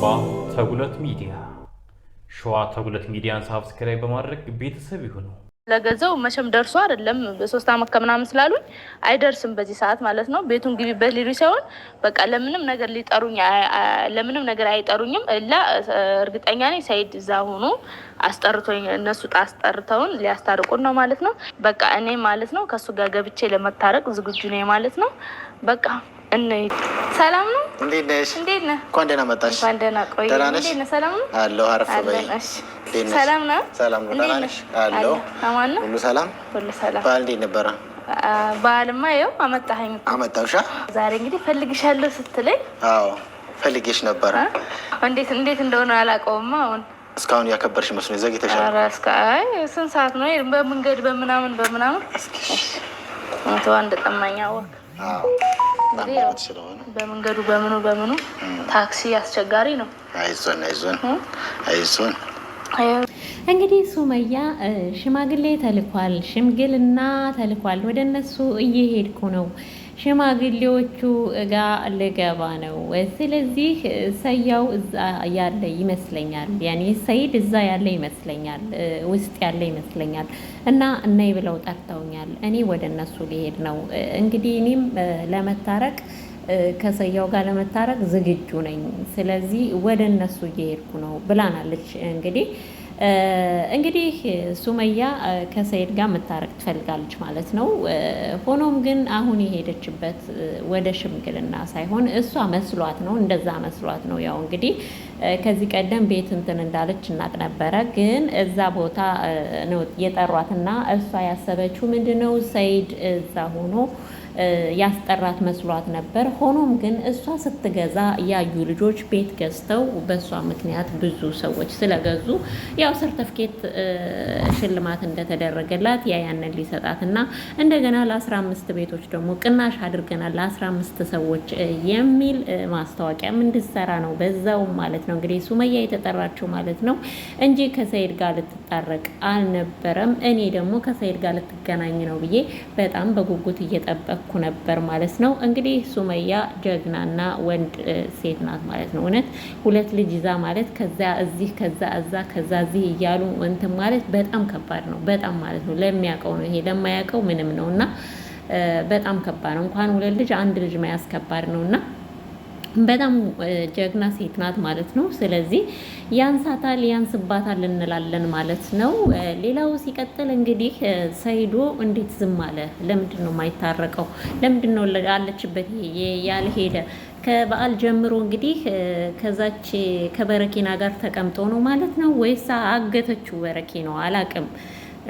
አባ ተጉለት ሚዲያ ሸዋ ተጉለት ሚዲያን ሳብስክራይብ በማድረግ ቤተሰብ ይሁኑ። ለገዛው መቼም ደርሶ አይደለም በሶስት አመት ከምናምን ስላሉኝ አይደርስም በዚህ ሰዓት ማለት ነው። ቤቱን ግቢበት ሊሉ ሳይሆን በቃ ለምንም ነገር ሊጠሩኝ ለምንም ነገር አይጠሩኝም። እላ እርግጠኛ ነኝ ሰይድ እዛ ሆኖ አስጠርቶኝ እነሱ አስጠርተውን ሊያስታርቁን ነው ማለት ነው። በቃ እኔ ማለት ነው ከእሱ ጋር ገብቼ ለመታረቅ ዝግጁ ነኝ ማለት ነው። በቃ እነይ ሰላም ነው። እንዴት ነሽ? እንዴት ነህ? እንኳን ደህና መጣሽ። እንኳን ደህና ቆይ። ደህና ነሽ? ሰላም ነው አለሁ። አረፍ በይ። ሰላም ነው። ሰላም ነው። ደህና ነሽ አለሁ። አማን ነው። ሁሉ ሰላም፣ ሁሉ ሰላም። በዓል እንዴት ነበረ? በዓልማ ይኸው አመጣኸኝ። አመጣሁሽ። ዛሬ እንግዲህ ፈልግሻለሁ ስትለኝ፣ አዎ ፈልጌሽ ነበረ። እንዴት እንዴት እንደሆነ አላውቀውም አሁን እስካሁን ያከበርሽ መስሎኝ ዘግይተሻል። ስንት ሰዓት ነው? በመንገድ በምናምን በምናምን አንድ ጠማኛ ወቅ በመንገዱ በምኑ በምኑ ታክሲ አስቸጋሪ ነው። አይዞን አይዞን አይዞን። እንግዲህ ሱመያ ሽማግሌ ተልኳል፣ ሽምግልና ተልኳል። ወደ እነሱ እየሄድኩ ነው ሽማግሌዎቹ ጋ ልገባ ነው። ስለዚህ ሰያው እዛ ያለ ይመስለኛል፣ ያኔ ሰይድ እዛ ያለ ይመስለኛል፣ ውስጥ ያለ ይመስለኛል። እና እነይ ብለው ጠርተውኛል። እኔ ወደ እነሱ ሊሄድ ነው። እንግዲህ እኔም ለመታረቅ ከሰያው ጋር ለመታረቅ ዝግጁ ነኝ። ስለዚህ ወደ እነሱ እየሄድኩ ነው ብላናለች እንግዲህ እንግዲህ ሱመያ ከሰይድ ጋር መታረቅ ትፈልጋለች ማለት ነው። ሆኖም ግን አሁን የሄደችበት ወደ ሽምግልና ሳይሆን እሷ መስሏት ነው፣ እንደዛ መስሏት ነው። ያው እንግዲህ ከዚህ ቀደም ቤት እንትን እንዳለች እናቅ ነበረ። ግን እዛ ቦታ ነው የጠሯትና እሷ ያሰበችው ምንድን ነው ሰይድ እዛ ሆኖ ያስጠራት መስሏት ነበር። ሆኖም ግን እሷ ስትገዛ ያዩ ልጆች ቤት ገዝተው በእሷ ምክንያት ብዙ ሰዎች ስለገዙ ያው ሰርተፍኬት ሽልማት እንደተደረገላት ያ ያንን ሊሰጣት እና እንደገና ለ15 ቤቶች ደግሞ ቅናሽ አድርገናል ለ15 ሰዎች የሚል ማስታወቂያም እንድሰራ ነው። በዛውም ማለት ነው እንግዲህ ሱመያ የተጠራችው ማለት ነው እንጂ ከሰይድ ጋር ልትጣረቅ አልነበረም። እኔ ደግሞ ከሰይድ ጋር ልትገናኝ ነው ብዬ በጣም በጉጉት እየጠበቅ እያደረግኩ ነበር ማለት ነው። እንግዲህ ሱመያ ጀግናና ወንድ ሴት ናት ማለት ነው። እውነት ሁለት ልጅ ይዛ ማለት ከዛ እዚህ ከዛ እዛ ከዛ እዚህ እያሉ እንትን ማለት በጣም ከባድ ነው። በጣም ማለት ነው። ለሚያውቀው ነው ይሄ፣ ለማያውቀው ምንም ነው እና በጣም ከባድ ነው። እንኳን ሁለት ልጅ አንድ ልጅ መያዝ ከባድ ነው እና በጣም ጀግና ሴት ናት ማለት ነው። ስለዚህ ያንሳታል ያንስባታል እንላለን ማለት ነው። ሌላው ሲቀጥል እንግዲህ ሰይዶ እንዴት ዝም አለ? ለምንድን ነው የማይታረቀው? ለምንድን ነው አለችበት ያልሄደ? ከበዓል ጀምሮ እንግዲህ ከዛች ከበረኪና ጋር ተቀምጦ ነው ማለት ነው ወይስ አገተችው በረኪ ነው? አላቅም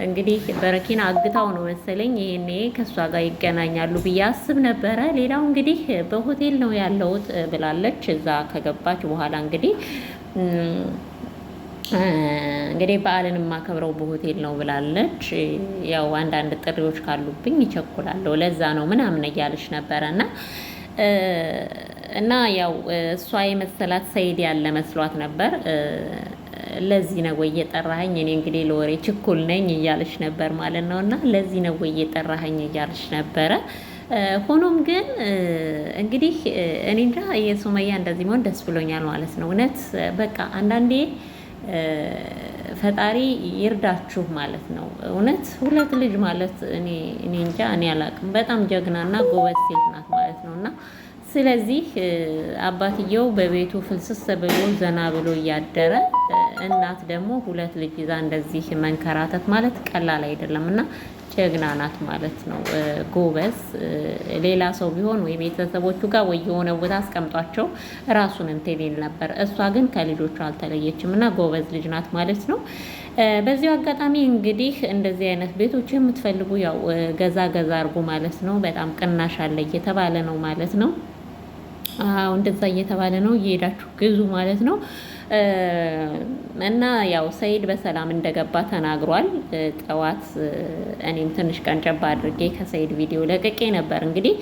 እንግዲህ በረኪና አግታው ነው መሰለኝ ይሄኔ ከእሷ ጋር ይገናኛሉ ብዬ አስብ ነበረ። ሌላው እንግዲህ በሆቴል ነው ያለሁት ብላለች። እዛ ከገባች በኋላ እንግዲህ እንግዲህ በዓልን የማከብረው በሆቴል ነው ብላለች። ያው አንዳንድ ጥሪዎች ካሉብኝ ይቸኩላለሁ ለዛ ነው ምናምን እያለች ነበረ እና እና ያው እሷ የመሰላት ሰይድ ያለ መስሏት ነበር። ለዚህ ነው ወይ የጠራኸኝ? እኔ እንግዲህ ለወሬ ችኩል ነኝ እያለች ነበር ማለት ነው። እና ለዚህ ነው ወይ የጠራኸኝ እያለች ነበረ። ሆኖም ግን እንግዲህ እኔ እንጃ የሱመያ እንደዚህ መሆን ደስ ብሎኛል ማለት ነው። እውነት በቃ አንዳንዴ ፈጣሪ ይርዳችሁ ማለት ነው። እውነት ሁለት ልጅ ማለት እኔ እንጃ እኔ አላቅም። በጣም ጀግናና ጎበዝ ሴት ናት ማለት ነው እና ስለዚህ አባትየው በቤቱ ፍልስስ ብሎ ዘና ብሎ እያደረ እናት ደግሞ ሁለት ልጅ ይዛ እንደዚህ መንከራተት ማለት ቀላል አይደለም እና ጀግና ናት ማለት ነው። ጎበዝ። ሌላ ሰው ቢሆን ወይ ቤተሰቦቹ ጋር ወይ የሆነ ቦታ አስቀምጧቸው ራሱን እንትን ይል ነበር። እሷ ግን ከልጆቹ አልተለየችም እና ጎበዝ ልጅ ናት ማለት ነው። በዚሁ አጋጣሚ እንግዲህ እንደዚህ አይነት ቤቶች የምትፈልጉ ያው ገዛ ገዛ አርጉ ማለት ነው። በጣም ቅናሽ አለ እየተባለ ነው ማለት ነው። እንደዛ እየተባለ ነው። እየሄዳችሁ ግዙ ማለት ነው። እና ያው ሰይድ በሰላም እንደገባ ተናግሯል። ጠዋት እኔም ትንሽ ቀን ጨባ አድርጌ ከሰይድ ቪዲዮ ለቅቄ ነበር። እንግዲህ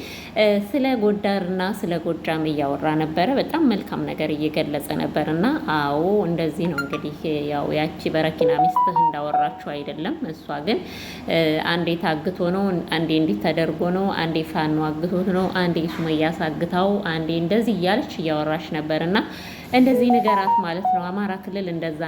ስለ ጎዳርና ስለ ጎጃም እያወራ ነበረ። በጣም መልካም ነገር እየገለጸ ነበር እና አዎ እንደዚህ ነው እንግዲህ ያው ያቺ በረኪና ሚስትህ እንዳወራችሁ አይደለም። እሷ ግን አንዴ ታግቶ ነው፣ አንዴ እንዲህ ተደርጎ ነው፣ አንዴ ፋኖ አግቶት ነው፣ አንዴ ሱመያስ አግታው፣ አንዴ እንደዚህ እያለች እያወራች ነበር እና እንደዚህ ንገራት ማለት ነው። አማራ ክልል እንደዛ